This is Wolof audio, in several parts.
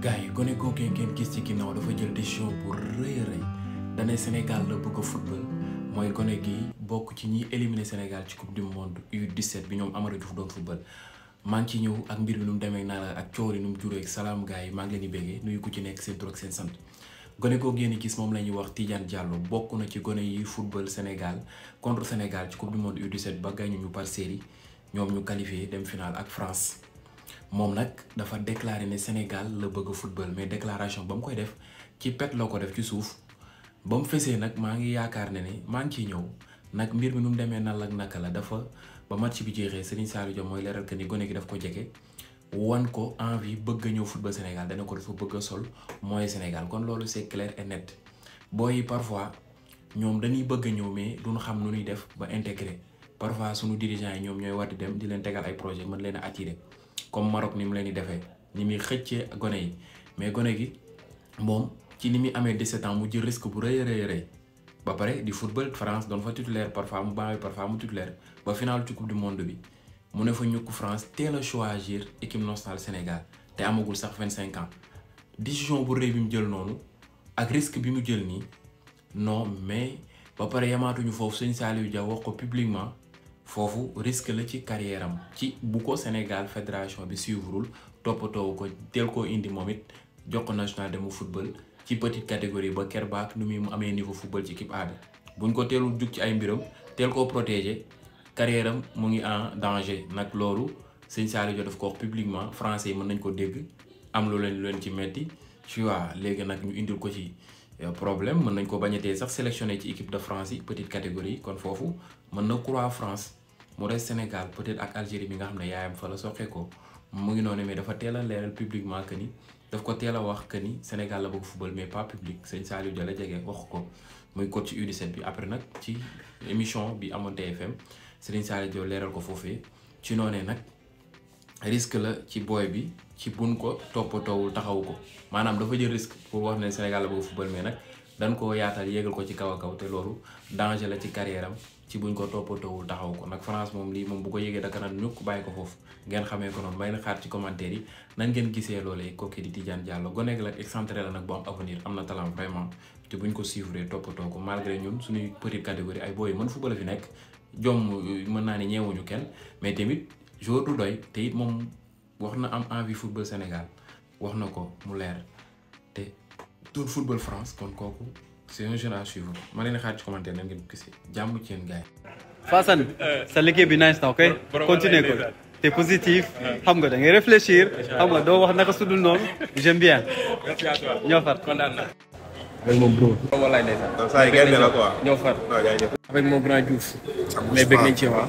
gars yi gone googee ngeen gis ci ginnaaw dafa jël décision bu rëy rëy dane Sénégal la bëgg a football mooy gone gi bokk ci ñiy éliminer Sénégal ci coupe du monde U17 bi ñoom Amara Diouf doon football maa ngi ci ñëw ak mbir mi nu mu demee naa la ak coori nu mu juree salaam gars yi maa ngi leen di béggee nuyu ko ci nekk seen tur ak seen sant gone koo génn gis moom la ñuy wax Tidiane Diallo bokk na ci gone yi football Sénégal contre Sénégal ci coupe du monde U17 ba gagné ñu ñu qualifié dem final ak France moom nag dafa déclaré ne Sénégal la bëgg football mais déclaration ba mu koy def ci pet loo ko def ci suuf ba mu fesee nag maa ngi yaakaar ne ni maa ngi ciy ñëw nag mbir mi nu mu demee nal ak naka la dafa ba match bi jeexee Serigne Saliou Dia mooy leeral que ni gone gi daf ko jege wan ko envie bëgg ñëw football Sénégal dana ko dafa bëgg a sol mooy Sénégal kon loolu c'est clair et net booy yi parfois ñoom dañuy bëgg ñëw mais du nu xam nu ñuy def ba intégré parfois suñu dirigeants yi ñoom ñooy war di dem di leen tegal ay projet mën leen a attirer comme Maroc ni mu leen di defee ni muy xëccee gone yi mais gone gi moom ci ni muy amee 17 ans mu jël risque bu rëy rëy ba pare di football France doon fa titulaire parfois mu baax parfois mu titulaire ba final ci coupe du monde bi mu ne fa ñukk France teel a choisir équipe nationale Sénégal te amagul sax cinq ans décision bu rëy bi mu jël noonu ak risque bi mu jël nii no mais ba pare yamaatuñu foofu sëñ Saliou Dia wax ko publiquement foofu risque la ci carrière ci bu ko Sénégal fédération bi suivrul toppatoo ko teel koo indi moom it jox ko national mu football ci petite catégorie ba ker baak nu muy mu amee niveau football ci équipe A bi buñ ko teelul jug ci ay mbiram teel koo protéger carrière am mu ngi en danger nag loolu sëñ Saliou def ko publiquement français yi mën nañ ko dégg am lu leen lu leen ci metti tu léegi nag ñu indil ko ci Euh, problème mën nañ ko bañ a tee sax sélectionné ci équipe de France yi petite catégorie kon foofu mën na croix France mu des Sénégal peut-être ak Algérie bi nga xam ne yaayam fa la soqee ko mu ngi noonu mais dafa teel a leeral publiquement que ni daf ko teel wax que ni Sénégal la bëgg football mais pas public sëñ Saliou Dia la jege wax ko muy coach ci U17 bi après nag ci émission bi amoon TFM Serigne Saliou Dia leeral ko foofee ci noonee nag. risque la ci booy bi ci buñ ko toppatoowul taxawu ko maanaam dafa jël risque pour wax ne Sénégal la bëgg football mais nag dañ ko yaatal yéegal ko ci kaw a kaw te la ci carrière am ci buñ ko toppatoowul taxaw ko nag France moom lii moom bu ko yégee daka naan ñukk bàyyi ko foofu ngeen xamee ko noonu may na xaar ci commentaire yi nan ngeen gisee loolee kooku di Tidiane Diallo goneeg la excentré la am na talent vraiment te buñ ko suivre toppatoo ko malgré ñun suñuy petite catégorie ay booy mën football fi nekk jom mën naa ne ñeewuñu kenn mais tamit jour du doy te it moom wax na am envie football Sénégal wax na ko mu leer te doon football France kon kooku se est un jeune à suivre ma ne xaar ci commentaire nan ngeen ko gisee jàmm ci yéen gars sa liggéey bi nice na ok continue ko te positif xam nga da ngay réfléchir xam nga doo wax na su dul noonu j'aime bien ñoo far. ñoo far. avec mon grand Diouf. mais bëgg ci waa.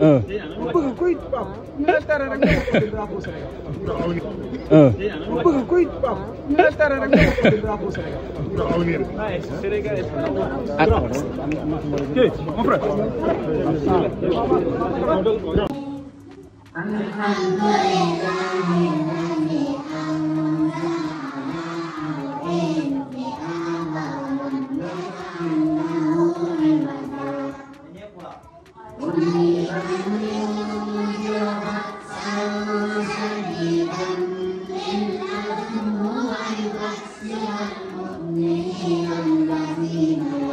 bëgg kuy tubaab na tere rek nga drapeau Sénégal. bëgg kuy tubaab na tere rek nga drapeau Sénégal. Alhamdulillah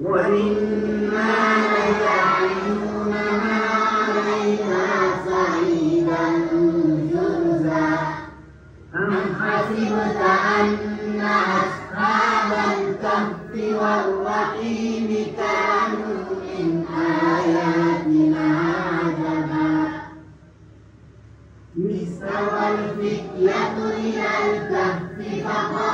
وإما والرحيم كانوا من آياتنا عجبا مصر والفتية إلى الكهف فقال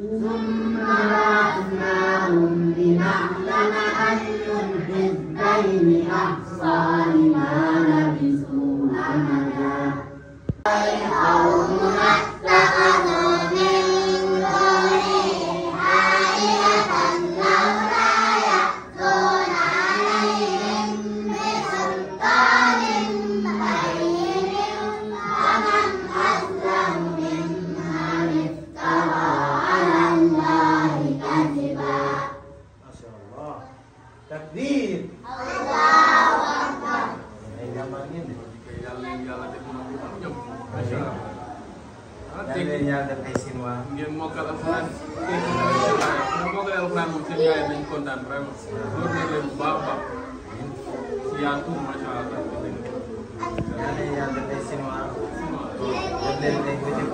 ثم بعثناهم لنعلم أي الحزبين أحصى لما لبثوا أمدا أو اتخذوا takbir Allahu akbar yàlla ngeen yàlla yàlla def na ko am jom ma sha Allah yàlla yàlla def ay sinwa ngeen mokkal alxuraan ngeen mokkal alxuraan moom seen yaay dañ kontaan vraiment loolu nekk leen bu baax a baax si yaatu ma sha Allah yàlla yàlla def ay sinwa def leen ay bëccëg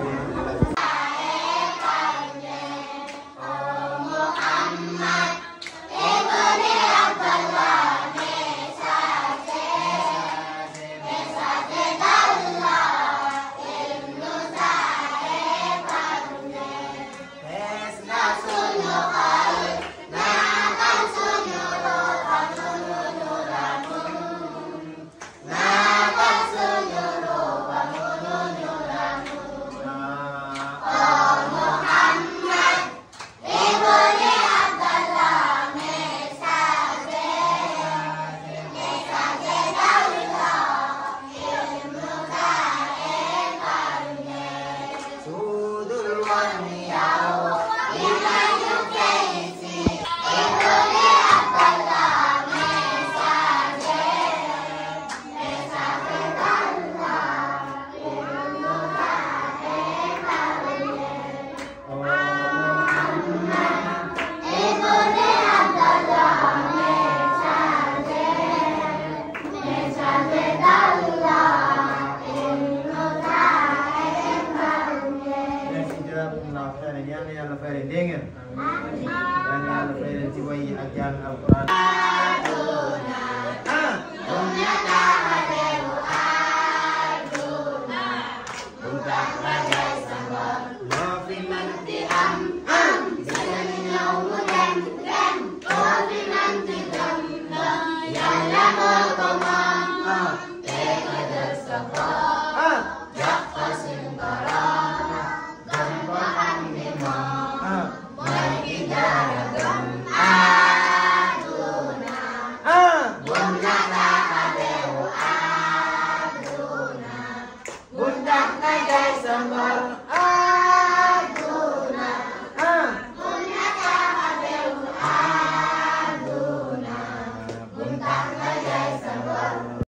Amen. amiin yal na yàlla fay leen ci way yi ak jàng alquran